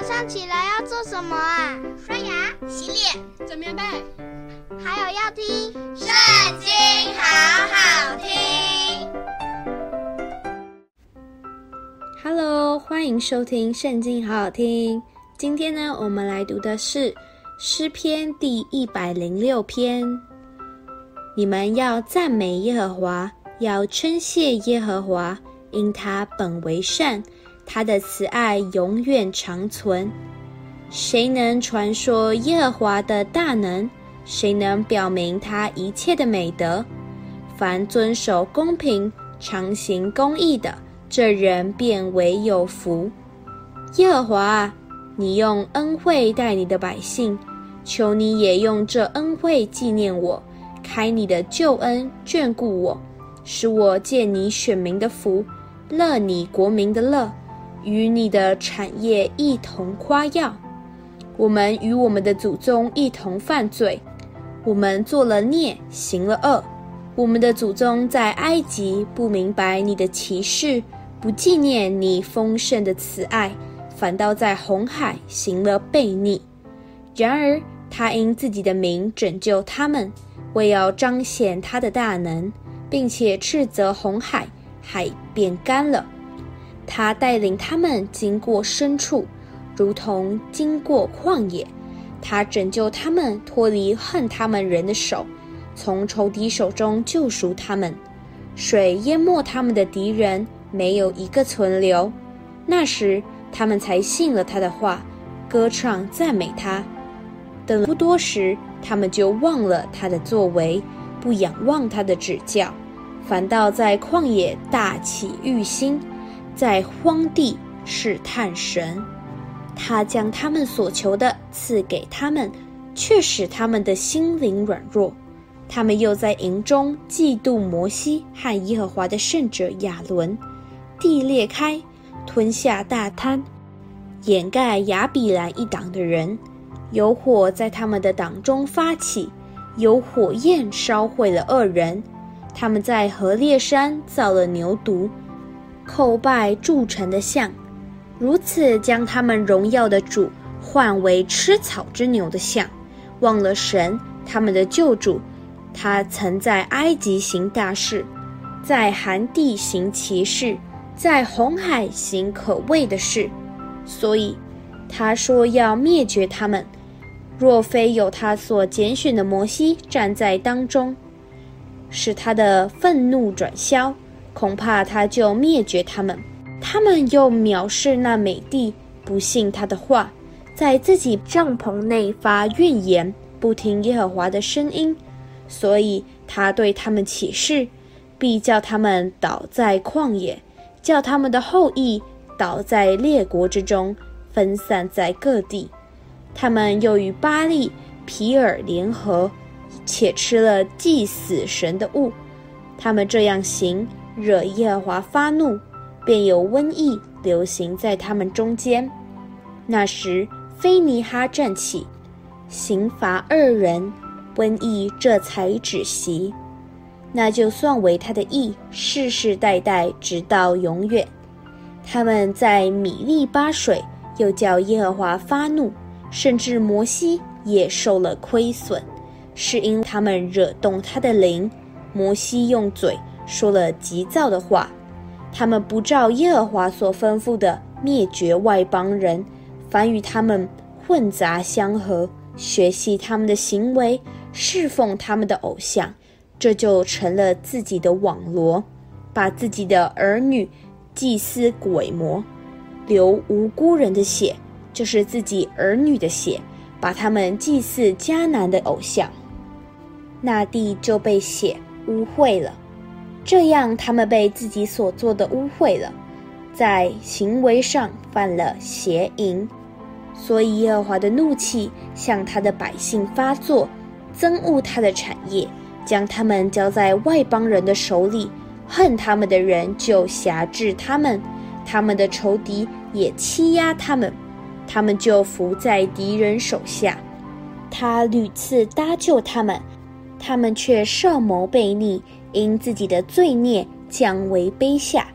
早上起來要做什麼啊？刷牙、洗臉、整棉被，還有要聽《聖經》，好好聽。Hello，歡迎收聽《聖經》，好好聽。今天呢，我們來讀的是詩篇第一百零六篇。你們要讚美耶和華，要稱謝耶和華，因他本為善。他的慈愛永遠長存，誰能傳說耶和華的大能？誰能表明他一切的美德？凡遵守公平、常行公義的，這人便為有福。耶和華啊，你用恩惠待你的百姓，求你也用這恩惠紀念我，開你的救恩眷顧我，使我見你選民的福，樂你國民的樂。與你的產業一同誇耀，我們與我們的祖宗一同犯罪，我們作了孽，行了惡。我們的祖宗在埃及不明白你的奇事，不記念你豐盛的慈愛，反倒在紅海行了悖逆。然而他因自己的名拯救他們，為要彰顯他的大能，並且斥責紅海，海便乾了。他帶領他們經過深處，如同經過曠野；他拯救他們脫離恨他們人的手，從仇敵手中救贖他們。水淹沒他們的敵人，沒有一個存留。那時他們才信了他的話，歌唱讚美他。等不多時，他們就忘了他的作為，不仰望他的指教，反倒在曠野大起慾心。在荒地試探神。他將他們所求的賜給他們，卻使他們的心靈軟弱。他們又在營中嫉妒摩西和耶和華的聖者亞倫。地裂開，吞下大坍，掩蓋亞比蘭一黨的人。有火在他們的黨中發起，有火焰燒毀了惡人。他們在何烈山造了牛犢。叩拜鑄成的像，如此將他們榮耀的主換為吃草之牛的像，忘了神他們的救主，他曾在埃及行大事，在含地行奇事，在紅海行可畏的事，所以他說要滅絕他們，若非有他所揀選的摩西站在當中，使他的憤怒轉消。恐怕他就滅絕他們，他們又藐視那美地，不信他的話，在自己帳棚內發怨言，不聽耶和華的聲音，所以他對他們起誓，必叫他們倒在曠野，叫他們的後裔倒在列國之中，分散在各地。他們又與巴力、毘珥聯合，且吃了祭死神的物。他們這樣行。惹耶和華發怒，便有瘟疫流行在他們中間。那時，非尼哈站起，刑罰惡人，瘟疫這才止息。那就算為他的義，世世代代直到永遠。他們在米利巴水又叫耶和華發怒，甚至摩西也受了虧損，是因他們惹動他的靈。摩西用嘴，說了急躁的話，他們不照耶和華所吩咐的滅絕外邦人，反與他們混雜相合，學習他們的行為，侍奉他們的偶像，這就成了自己的網羅，把自己的兒女祭祀鬼魔，流無辜人的血，就是自己兒女的血，把他們祭祀迦南的偶像，那地就被血污穢了。這樣，他們被自己所做的污穢了，在行為上犯了邪淫，所以耶和華的怒氣向他的百姓發作，憎惡他的產業，將他們交在外邦人的手裡，恨他們的人就轄制他們，他們的仇敵也欺壓他們，他們就伏在敵人手下，他屢次搭救他們，他們卻設謀背逆。因自己的罪孽降為卑下，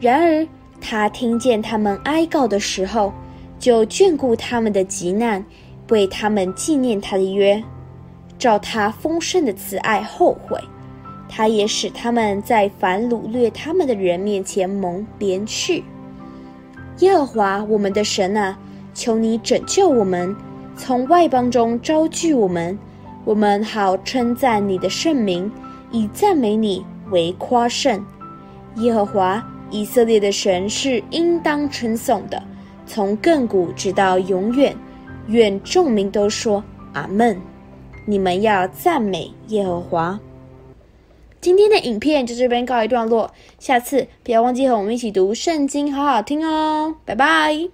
然而他聽見他們哀告的時候，就眷顧他們的急難，為他們紀念他的約，照他豐盛的慈愛後悔，他也使他們在凡擄掠他們的人面前蒙憐恤。耶和華我們的神吶、啊，求你拯救我們，從外邦中招聚我們，我們好稱讚你的聖名。以讚美你為誇勝，耶和華，以色列的神是應當稱頌的，從亙古直到永遠。願眾民都說阿門。你們要讚美耶和華。今天的影片就這邊告一段落，下次不要忘記和我們一起讀聖經，好好聽哦，拜拜。